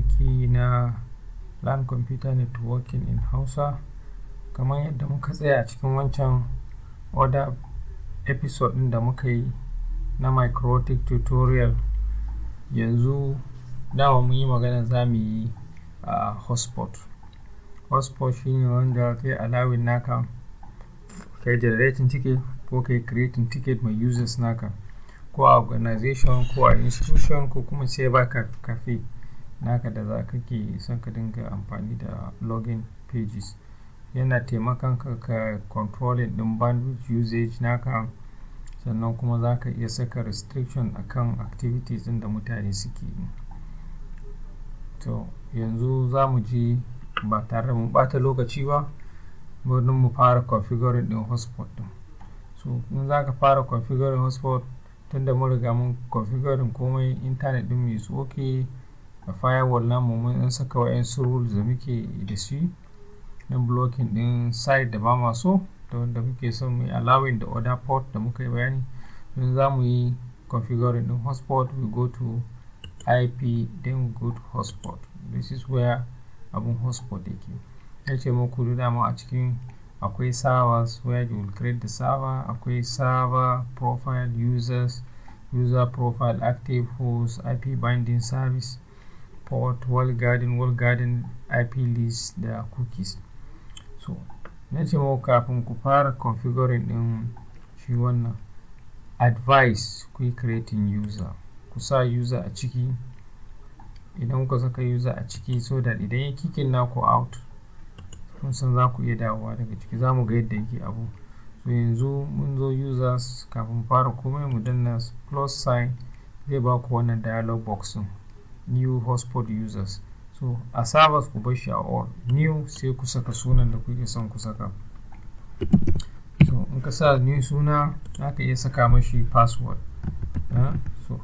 aiki na LAN Computer Networking in Hausa kamar yadda muka tsaya a cikin wancan order episode din da muka yi na microtic tutorial yanzu dama mun yi magana za mu yi a hotspot hotspot shine wanda kai allowing naka kai generating ticket ko kai creating ticket mai users naka ko a organization ko a institution ko kuma sai ba kafi. naka da za kake son ka dinga amfani da login pages yana taimakon ka ka controlling din bandwidth usage naka sannan kuma za ka iya saka restriction akan activities din da mutane suke yi to yanzu za mu ji ba tare mu bata lokaci ba wurin mu fara configuring din hotspot din so in za ka fara configuring hotspot tunda mun riga mun configuring komai intanet din mai tsoke a firewall namu mun in saka wa'yansu rules da muke da shi na blocking din site da ba ma so da wanda muke son mu allowing da other port da muka yi bayani don za mu yi configuring din hotspot we go to ip then we go to hotspot this is where abun hotspot yake ya ce da dama a cikin akwai servers where you will create the server akwai server profile users user profile active host ip binding service port wall garden wall garden ip list da cookies so na ce mawa kafin ku fara configuring din shi wannan advice ku yi creating user ku sa user a ciki idan kuka saka user a ciki so that idan ya kikin naku out kun san za ku iya dawowa daga ciki za mu ga yadda yake abu so yanzu mun zo users kafin fara komai mu danna plus sign zai ba ku wannan dialog box new hotspot users so a service ku bar shi a all new sai ku saka sunan da kuke son ku saka so in ka sa new suna za ka iya saka mashi password uh, so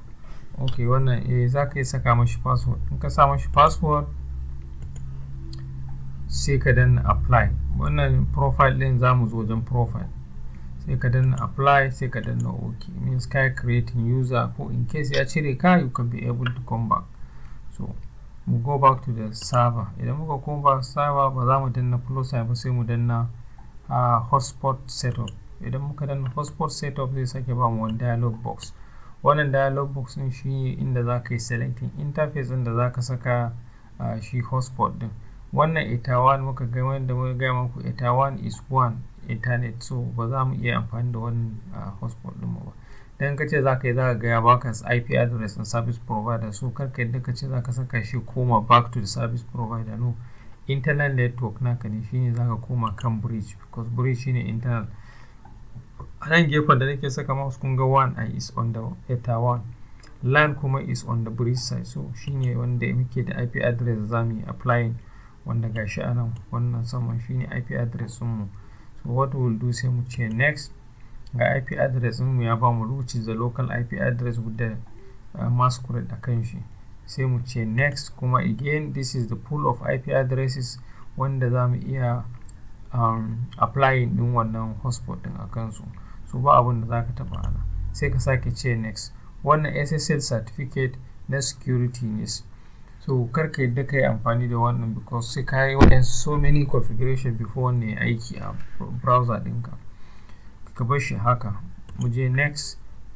ok wannan eh za ka iya saka mashi password in ka sa mashi password sai ka danna apply wannan profile din za mu zo wajen profile sai ka danna apply sai ka danna ok means kai creating user ko in case ya cire ka you can be able to come back so mu go back to the server idan muka koma server ba za mu danna flow sign ba sai mu danna hotspot setup idan muka danna hotspot setup zai sake ba mu wani dialog box wannan dialog box din shi inda za ka yi selecting interface inda za ka saka shi hotspot din wannan eta one muka ga wanda muka gaya muku eta one is one internet so ba za mu iya amfani da wannan hotspot din mu ba dan ka ce za ka yi za ka gaya baka IP address na service provider so kar ka yadda ka ce za ka saka shi koma back to the service provider no internal network naka ne shine za ka koma kan bridge because bridge shine internal a nan gefen da nake saka mouse kun ga one and is on the eta one LAN kuma is on the bridge side so shine wanda muke da IP address za mu yi applying wanda gashi a nan wannan saman shine IP address mu so what will do sai mu ce next ga IP address mu ya bamu mu which is the local IP address with the uh, masquerade a kan shi sai mu ce next kuma again this is the pool of IP addresses wanda za mu iya um, applying din wannan hotspot din a su so ba abin da zaka taba ana sai ka sake ce next wannan SSL certificate na security ne so kar ka yadda ka yi amfani da wannan because sai ka yi so many configuration before ne aiki a browser ɗinka ka bar shi haka mu je next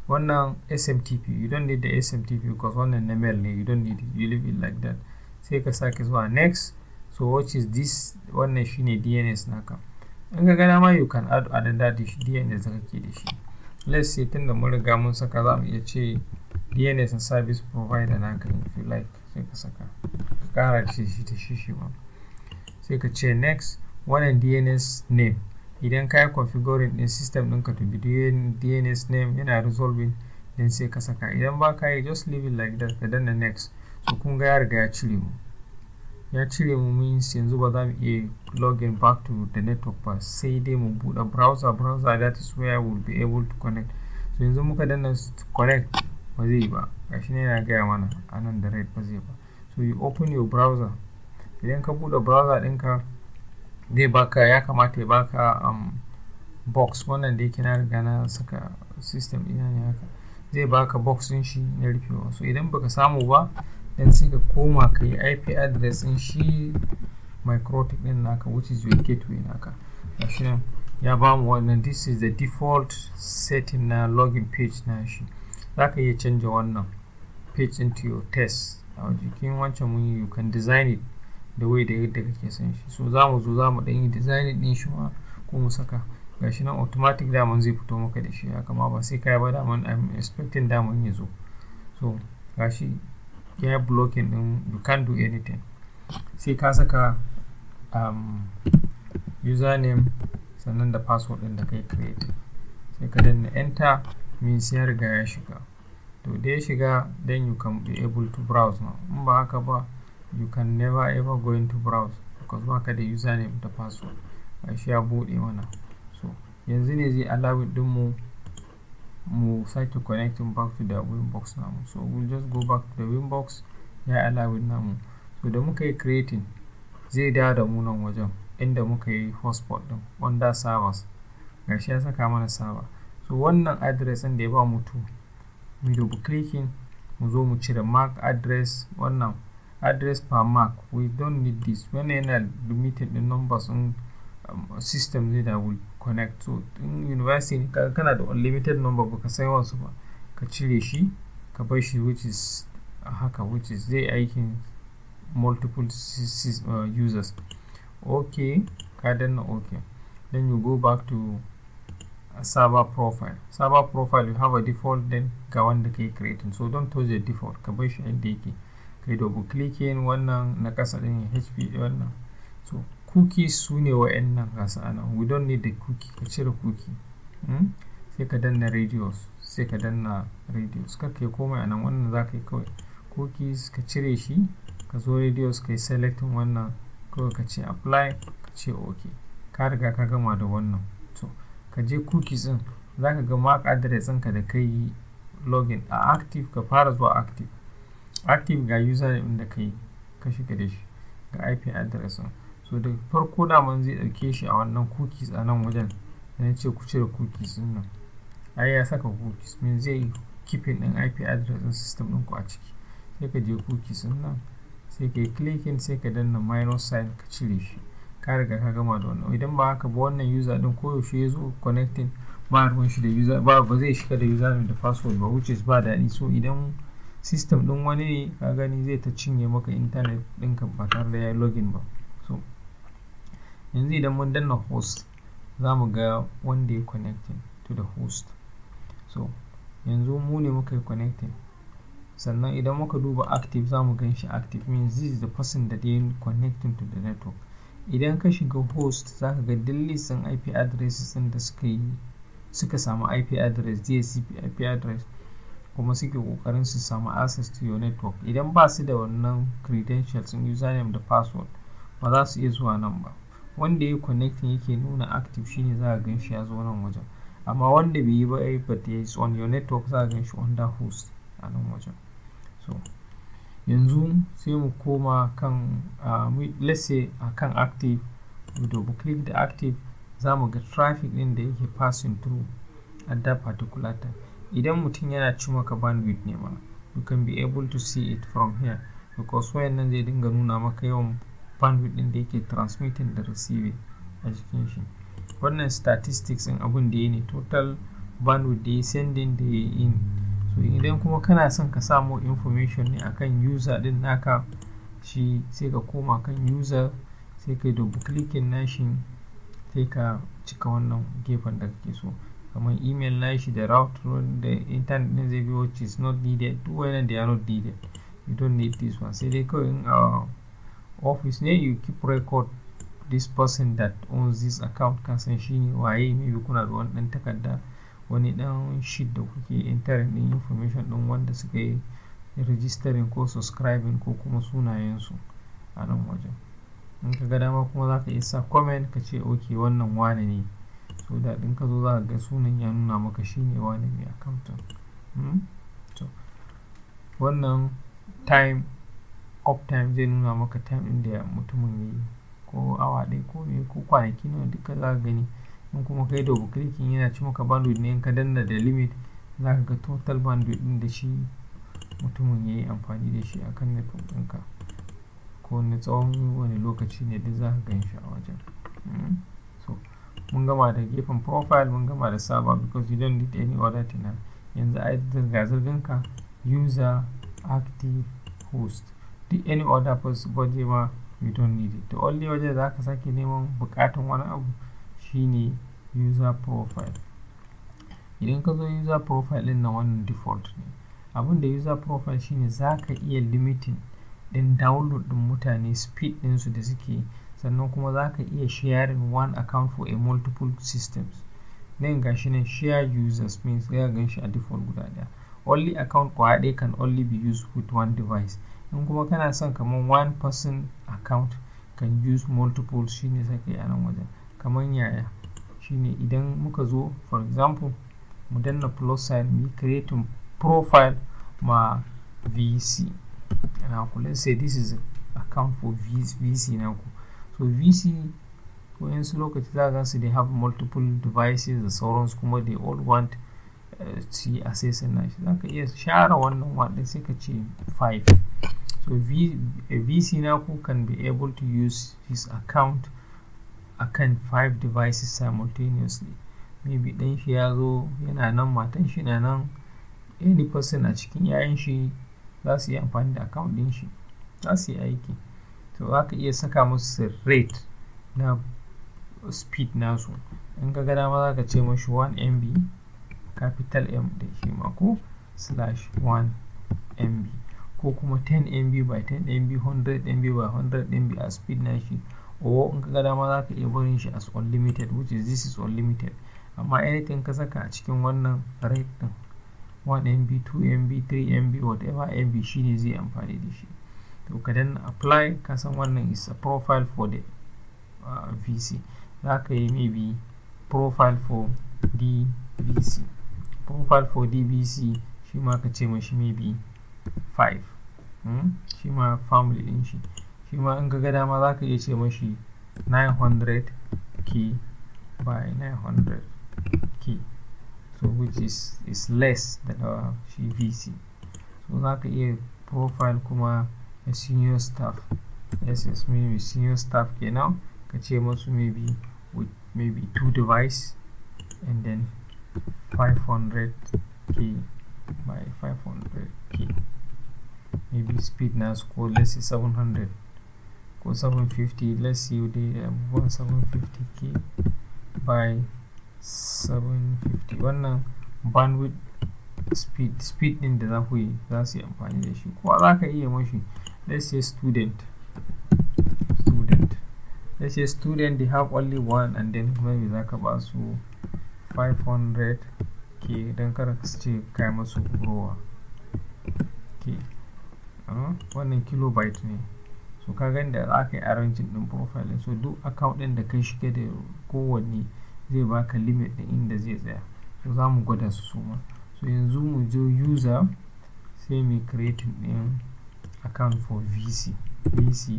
wannan smtp you don't need the smtp because wannan na mail ne you don't need it you leave it like that sai ka sake zuwa next so what is this wannan shine dns naka in ka gana ma you can add another dns da kake da shi let's say tunda mun riga mun saka za mu iya ce dns na service provider naka if you like sai ka saka ka kara shi shi ta shi shi ma sai ka ce next wannan dns name idan ka yi configuring din system ɗinka to be dns name yana resolving din sai ka saka idan ba ka yi just leave it like that ka danna next so kun ga ya riga ya cire mu ya cire mu means yanzu ba za mu iya login back to the network ba sai dai mu buɗe browser browser that is where will be able to connect so yanzu muka danna connect ba zai yi ba gashi ne yana gaya mana anan da red ba zai ba so you open your browser idan ka buɗe browser ɗinka zai baka ya kamata ya baka um, box wannan da yake na riga na saka system ina ne haka zai baka box din shi na rufewa so idan baka samu ba dan sai ka koma ka yi IP address din shi microtik din naka which is your gateway naka shi nan ya bamu wannan this is the default setting na login page na shi za ka iya canja wannan page into your test a jikin wancan mun you can design it da wai da yadda kake son shi so za mu zo za mu ɗan yi design ɗin shi ma ko mu saka gashi nan automatic daman zai fito maka da shi haka ma ba sai kai ba daman I'm expecting daman ya zo so gashi ya blocking din you can't do anything sai ka saka um, username sannan da password ɗin da kai create sai ka danna enter means ya riga ya shiga to da ya shiga then you can be able to browse now in ba haka ba you can never ever go into browse because baka da username da password shi ya bude mana so yanzu ne zai allow din mu mu sake connecting back to the winbox namu so we'll just go back to the winbox ya allow namu so da muka yi creating zai dawo da mu nan wajen inda muka yi hotspot din under servers gashi ya saka mana server so wannan address din da ya ba mu to mu double clicking mu zo mu cire mark address wannan address per MAC. We don't need this. When NL limited the numbers on um, systems that will connect to in university kana da unlimited number baka I wasu ba ka cire shi ka bar shi which is haka which is multiple uh, users okay ka danna okay then you go back to a server profile server profile you have a default then ga wanda key creating so don't touch the default ka bar shi yake kai double clicking wannan na kasa ɗin hp wannan so cookies su ne wa'annan gasa anan we don't need the cookie ka cire cookie hmm? sai ka danna radios sai ka danna radios kar ka yi komai anan wannan za ka yi kawai cookies ka cire shi ka zo radios ka yi selecting wannan kawai ka ce apply ka ce ok ka riga ka gama da wannan to ka je cookies din za ka ga mark address ɗinka da kai login a active ka fara zuwa active active ga user da kai ka shiga da shi ga ip address din so da farko daman zai ɗauke shi a wannan cookies a nan wajen na ce ku cire cookies din nan ai ya saka cookies min zai keeping din ip address din system din ku a ciki sai ka je cookies din nan sai ka yi clicking sai ka danna minus sign ka cire shi ka riga ka gama da wannan idan ba haka ba wannan user din koyaushe ya zo connecting ba ruwan shi da user ba ba zai shiga da username da password ba which is ba daɗi so idan system ɗin wani ne ka gani zai ta cinye maka intanet ɗinka ba tare da ya login ba so yanzu idan mun danna host za mu ga wanda ya connecting to the host so yanzu mu ne muka yi connecting sannan idan muka duba active za mu gan shi active means this is the person that ya connecting to the network idan ka shiga host za ka ga dillisin ip addresses ɗin da suka yi suka samu ip address dhcp ip address kuma suke kokarin su samu access to your network idan ba su da wannan credentials username da password ba za su iya zuwa nan ba wanda ya connecting yake nuna active shine za a gan shi ya zo nan wajen amma wanda bai yi ba ai eh, but is on your network za a gan shi under host a nan wajen so yanzu sai mu koma kan uh, let's say a kan active mu we click da active za mu ga traffic din da yake passing through at that particular time idan mutum yana ci maka bandwidth ne ma you can be able to see it from here because wayan nan zai dinga nuna maka yawan bandwidth din da yake transmitting da receiving a jikin shi wannan statistics din abun da ya ne total bandwidth da ya sending da ya in so idan kuma kana son ka samu information ne akan user din naka shi sai ka koma kan user sai ka yi double clicking nashin sai ka cika wannan gefen da kake so kamar email nashi da route da internet din zai bi which is not needed duk when they are not needed you don't need this one sai dai kawai in a uh, office ne you keep record this person that owns this account kan san shi ne waye maybe kuna da wani dan takarda wani dan shit da kuke internet din information ɗin wanda suka yi registering ko subscribing ko kuma sunayensu a nan wajen in ka ga dama kuma za ka iya sa comment ka ce ok wannan wane ne to da din ka zo za ka ga sunan ya nuna maka shi wani wane mai accounting hmm? to wannan time of time zai nuna maka time inda mutumin ya yi ko awa ɗaya ko me ko kwanaki nawa duka za ka gani in kuma kai da clicking yana ci maka bandwidth ne in ka danna da limit za ka ga total bandwidth ɗin da shi mutumin ya yi amfani da shi akan network ɗinka ko na tsawon wani lokaci ne duk za ka gan shi a wajen hmm? mun gama da gefen profile mun gama da server because you don't need any other thing yanzu a zirga zirganka user active host the any other body ma you don't need it the only waje da ka sake neman bukatan wani abu shine user profile idan ka zo user profile din na wannan default ne abin da user profile shine za ka iya limiting din download din mutane speed din su da suke sannan kuma za ka iya sharing one account for a multiple systems nan ga shi nan share users means ya gan shi a default guda ɗaya only account kwa ɗaya can only be used with one device in kuma kana son kamar one person account can use multiple shine sai ka yi a wajen kamar yaya shine idan muka zo for example mu danna plus sign mu create profile ma vc and let's say this is account for vc na ku to vc wayansu lokaci za gansu they have multiple devices da sauransu kuma they all want eh, su yi assessing na shi za ka iya share wannan wadda sai ka ce 5 so vc na ku can be able to use his account a kan 5 devices simultaneously maybe dan shi ya zo yana nan matan shi na nan any person a cikin yayan shi za su yi amfani da account ɗin shi za su yi aiki to ka iya saka musu rate na speed nasu in ka gada ma za ka ce mashi 1 mb capital m da shi mako slash 1 mb ko kuma 10 mb by 10 mb 100 mb by 100 mb a speed na shi o in ka gada ma za ka iya barin shi as unlimited which is this is unlimited amma anything ka saka a cikin wannan rate din 1 mb 2 mb 3 mb whatever mb shine zai amfani da shi to ka dan apply ka san wannan is a profile for the uh, vc za ka yi maybe profile for dbc profile for dbc shi ma ka ce mashi maybe 5 hmm? shi ma family din shi shi ma in ka ga dama za ka iya ce mashi 900 k by 900 k so which is is less than uh, shi vc so za ka iya profile kuma a senior staff yes yes maybe senior staff kenan ka ce musu maybe with maybe two device and then 500k by 500k maybe speed now score let's say 700 Go 750 let's see what they have 750k by 751 wannan bandwidth speed speed in the way that's the za su yi amfani da shi ko let's say student student let's say student they have only one and then we zaka basu so 500k don kar ce kai masu rowa okay hmm? wannan kilobyte ne so ka gani da aka yi arrangin din profile so duk account din da kai shige da kowanne zai baka limit din inda zai tsaya so za mu gwada su suma so yanzu mu je user sai mu creating din account for vc vc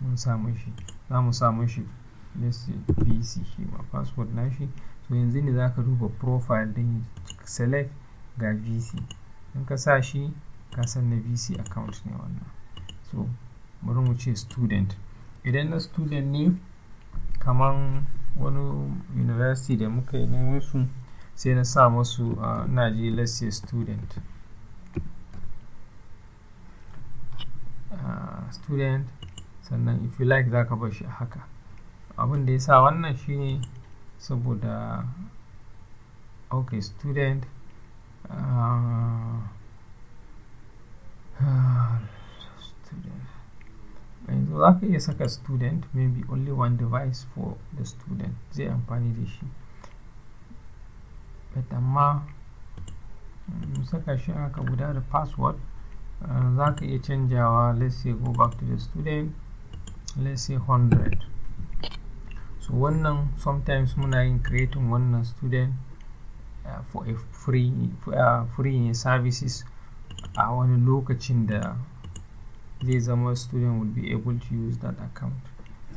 mun samu za mu samu vc here. password na so yanzu ne za a profile din select ga vc in kasashi Kasan shi vc account ne so bari mu student idan na student ne kaman wani university da muka name, say su sai na sa ah, let's say student student sannan if you like za ka bar shi a haka abin da ya sa wannan shine saboda ok student ah, yanzu za ka iya saka student maybe only one device for the student zai amfani da shi but amma saka shi haka guda da password za ka iya canjawa let's say go back to the student let's say 100 so wannan sometimes muna yin creating wannan student uh, for a free uh, free ne services a wani lokacin da zai zama student will be able to use that account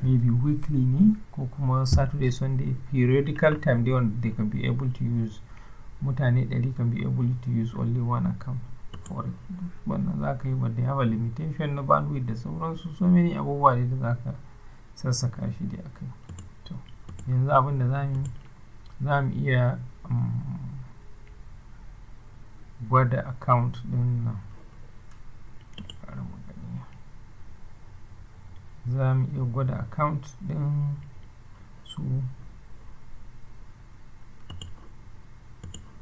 maybe weekly ne ko kuma saturday sunday periodical time they, they can be able to use mutane 100 can be able to use only one account for wannan za ka yi but they have a limitation na bandwidth da sauransu so many abubuwa da za ka sassaka shi dai akai to yanzu abin da za mu iya um, gwada account din nan za mu iya gwada account din su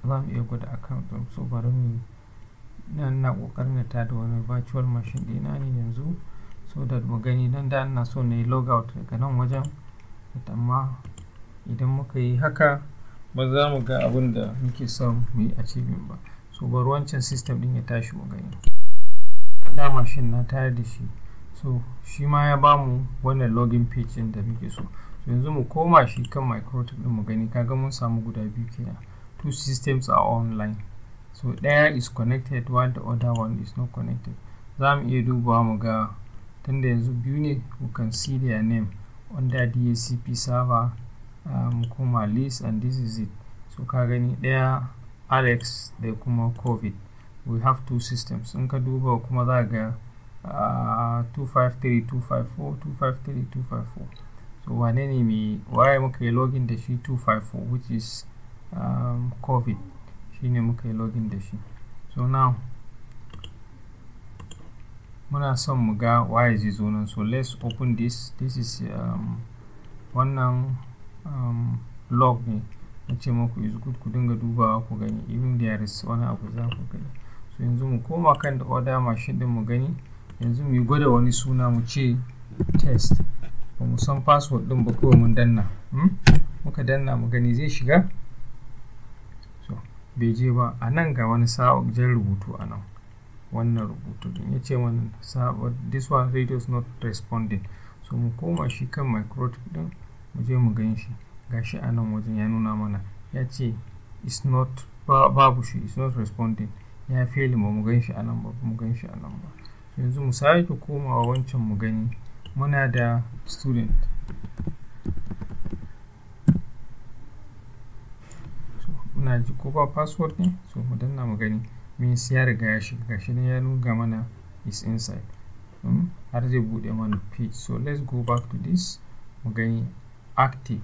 za mu iya gwada account din su bari mu na kokarin na tada wani virtual machine dina ne yanzu so that mu gani dan da ina so na yi out daga nan wajen amma idan muka yi haka ba za mu ga abin da muke son mu yi achieving ba so bari wancan system din ya tashi mu gani da machine na tayar da shi so shi ma ya bamu wannan login page din da muke so so yanzu mu koma shi kan microtech din mu gani kaga mun samu guda biyu kenan two systems are online so ɗaya is connected while the other one is not connected za mu iya dubawa mu ga tunda yanzu biyu ne we can see their name under DHCP server um, kuma list and this is it so ka gani ɗaya alex da kuma covid we have two systems in ka duba kuma za ga uh, 253254 253254 so wane ne mai waye muka yi login da shi 254 which is um, covid shine muka yi login da shi so now muna son mu ga why zai zo nan so let's open this this is um, wannan um, log ne na ce muku is good ku dinga dubawa ku gani even there is wani abu za ku gani so yanzu mu koma kan da order machine din mu gani yanzu mu yi gwada wani suna mu ce test ba mu san password din ba kawai mun danna hmm? muka danna mu gani zai shiga bai je ba a nan ga wani sabon rubutu a nan wannan rubutu din ya ce mana this one radio is not responding so mu koma shi kan microtip din mu je mu gan shi gashi a nan wajen ya nuna mana ya ce is not babu shi is not responding ya fili ba mu gan shi a nan ba mu gan shi a nan ba yanzu mu sake komawa wancan mu gani muna da student muna ji ko ba password ne so mu danna mu gani means ya riga ya shiga gashi ne ya nuna mana is inside hmm? har zai bude mana page so let's go back to this mu gani active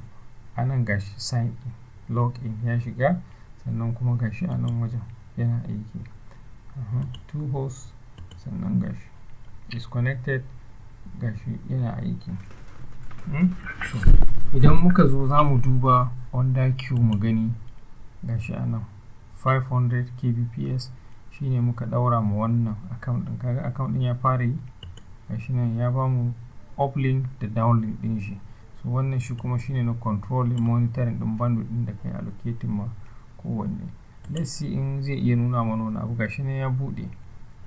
anan gashi sign in log in ya shiga sannan kuma gashi a nan wajen yana aiki two hosts sannan gashi is connected gashi yana aiki hmm? idan muka zo za mu duba under queue mu gani gashi a nan 500 kbps shine muka daura ma wannan account din kaga account ɗin ya fara yi gashi nan ya bamu uplink da downlink ɗin shi so wannan shi kuma shine na control monitoring din bandwidth din da kai allocating ma kowanne let's see in zai iya nuna mana wani abu gashi nan ya bude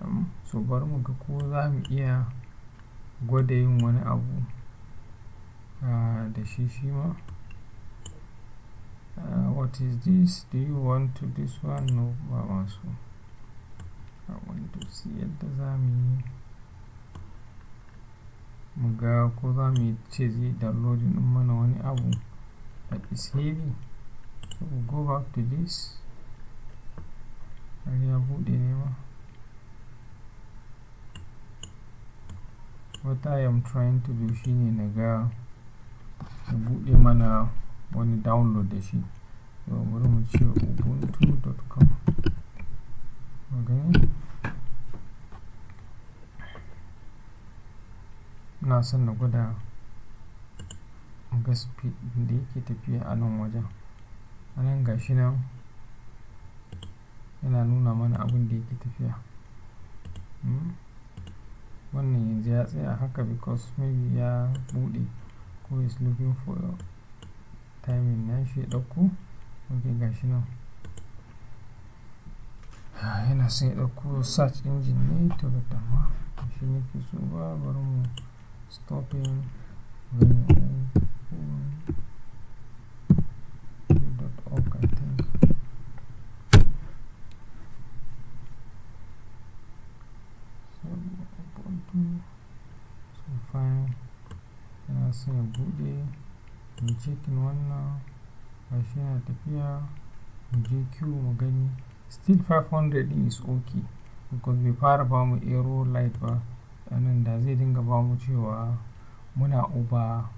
hmm, so bar mu ga ko za mu iya gwada yin wani abu ah, da shi shi ma uh, what is this do you want to this one no I want to. I want to see yadda za mu yi mu ga ko za mu yi ce zai downloading din mana wani abu that is heavy so we'll go back to this har ya buɗe ne ma what I am trying to do shine na ga buɗe mana wani download da shi yau bari mu ce ubuntu.com gani ina son na gwada gaspi da yake tafiya a nan wajen a nan gashi nan yana nuna mana abin da yake tafiya hmm? wannan yanzu ya tsaya haka because maybe ya bude ko is looking for timing na shi ɗauko ok gashi nan ah, yana sai ɗauko search engine ne to da ma shi ne ke so ba bari mu stopping So yana sai buɗe mu na wannan gashi yana tafiya muje je q mu gani still 500 din is okay because bai fara ba mu aero light ba anan da zai dinga ba mu cewa muna uba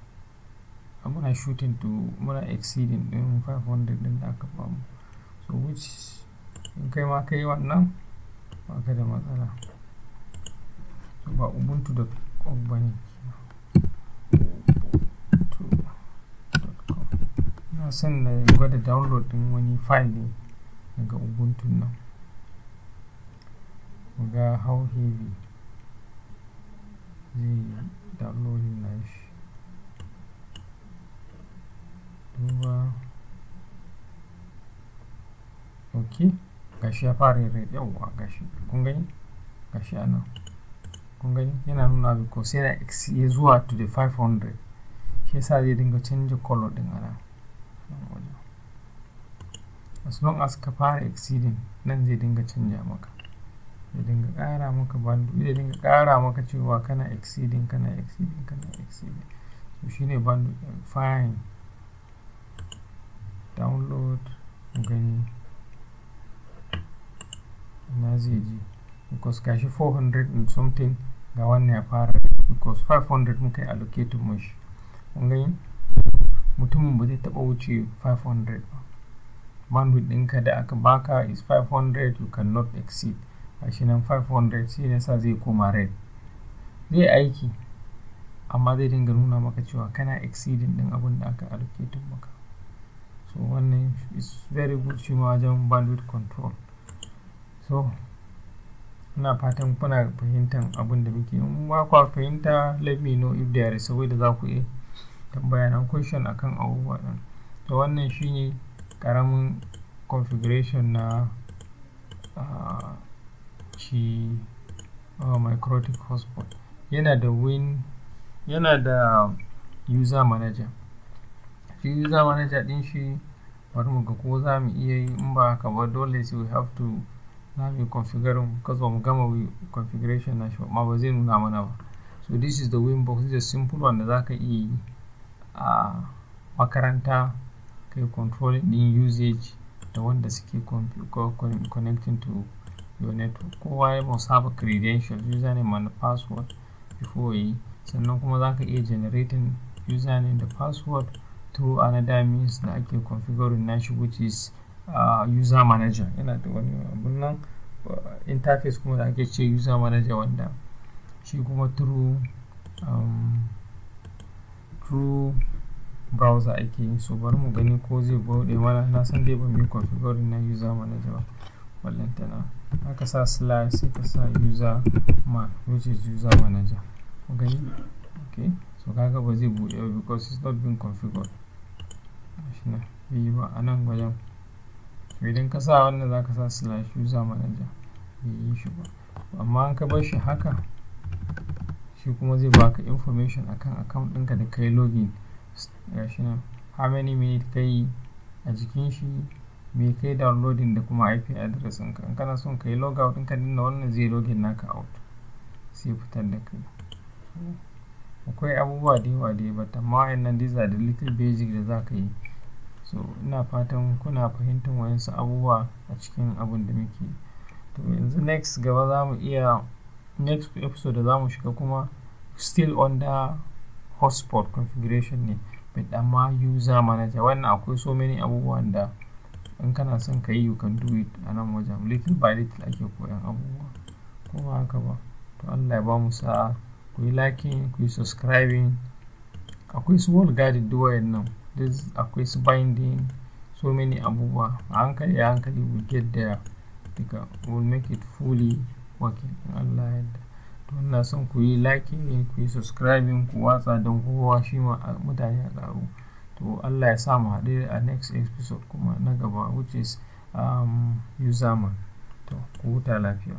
muna shooting to muna exceeding din 500 din da aka ba mu so which in kai ma kai wannan ba ka da matsala ba ubuntu da ba ne ina son na gwada download din wani file ne daga ubuntu nan ga how heavy zai downloading na shi duba ok gashi ya fara yin red yawwa gashi kun gani gashi a nan kun gani yana nuna x ya zuwa to the 500 shi yasa zai dinga canja color din a nan as long as ka fara exceeding nan zai dinga canja maka ya dinga kara maka bandu ya dinga kara maka cewa kana exceeding kana exceeding kana exceeding so shine bandu fine download mu gani na zai ji because gashi 400 and something ga wannan ya fara because 500 muka yi allocate mashi kun gani mutumin ba zai taɓa wuce 500 ba bandwidth ɗinka da aka baka is 500 you cannot exceed gashi nan 500 sai sa zai koma red zai aiki amma zai dinga nuna maka cewa kana exceeding ɗin abin da aka allocate maka so wannan is very good shi wajen bandwidth control so ina fatan kuna fahimtar abin da muke in ba fahimta let me know if there is a way da za ku yi bayanan question akan abubuwa din to wannan shine karamin configuration na shi uh, microtic hotspot yana da win yana da user manager shi user manager ɗin shi bari mu ga ko za mu iya yi in ba haka ba dole sai we have to na mu configure configuring because mu gama configuration na shi ba ba zai nuna mana ba so this is the win box this is a simple one da za ka iya yi makaranta kai control ɗin usage da wanda suke connecting to your network kowa ya must have a username and password before yi sannan kuma za ka iya generating username da password through another means da ake configuring nashi which is uh, user manager yana da wani abun nan uh, interface kuma da ake ce user manager wanda shi kuma through um, chrome browser ake yi so bari mu gani ko zai bude mana na san dai ban yi configure na user manager ba wallan ta na aka sa slash sai ka sa user man which is user manager mu gani okay so kaga ba zai bude ba because it's not been configured shi ne yi ba a nan wajen idan ka sa wannan za ka sa slash user manager yi shi ba amma an ka bar shi haka shi kuma zai baka information akan account ɗinka da kai login gashi nan how many minutes kai a jikin shi me kai downloading da kuma IP address ɗinka in kana son kai log out ɗinka dinna wannan zai login naka out sai fitar da kai akwai abubuwa da yawa da yawa amma wa'annan these are the little basic da za ka yi so ina fatan kuna fahimtar wayansu abubuwa a cikin abun da muke to yanzu next gaba za mu iya next episode da za mu shiga kuma still under hotspot configuration ne but amma user manager wannan akwai so many abubuwan da in kana son ka yi you can do it a nan wajen little by little ake koyan abubuwa ko haka ba to Allah ya ba mu sa'a ku yi liking ku yi subscribing akwai su wall garden duwayen nan akwai su binding so many abubuwa a hankali a hankali we get there we will make it fully working in Allah yadda ina son ku yi ne ku yi subscribing ku watsa don kowa shi ma mutane a ƙaru to allah ya sa mu haɗu a next episode kuma na gaba which is um, man to ku huta lafiya